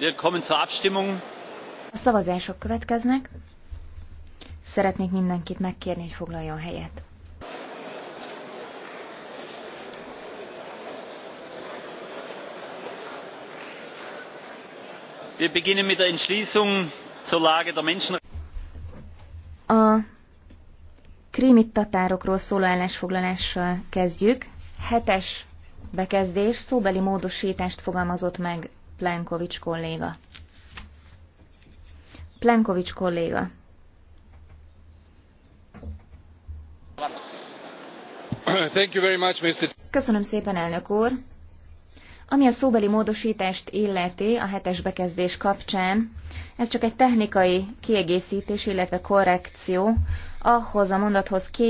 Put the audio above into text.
A szavazások következnek. Szeretnék mindenkit megkérni, hogy foglaljon helyet. Wir beginnen mit der Entschließung zur Lage der Menschen. A krími tatárokról szóló állásfoglalással kezdjük. Hetes bekezdés szóbeli módosítást fogalmazott meg Plenkovics kolléga. Plenkovics kolléga. Thank you very much, Mr. Köszönöm szépen, elnök úr. Ami a szóbeli módosítást illeti a hetes bekezdés kapcsán, ez csak egy technikai kiegészítés, illetve korrekció ahhoz a mondathoz két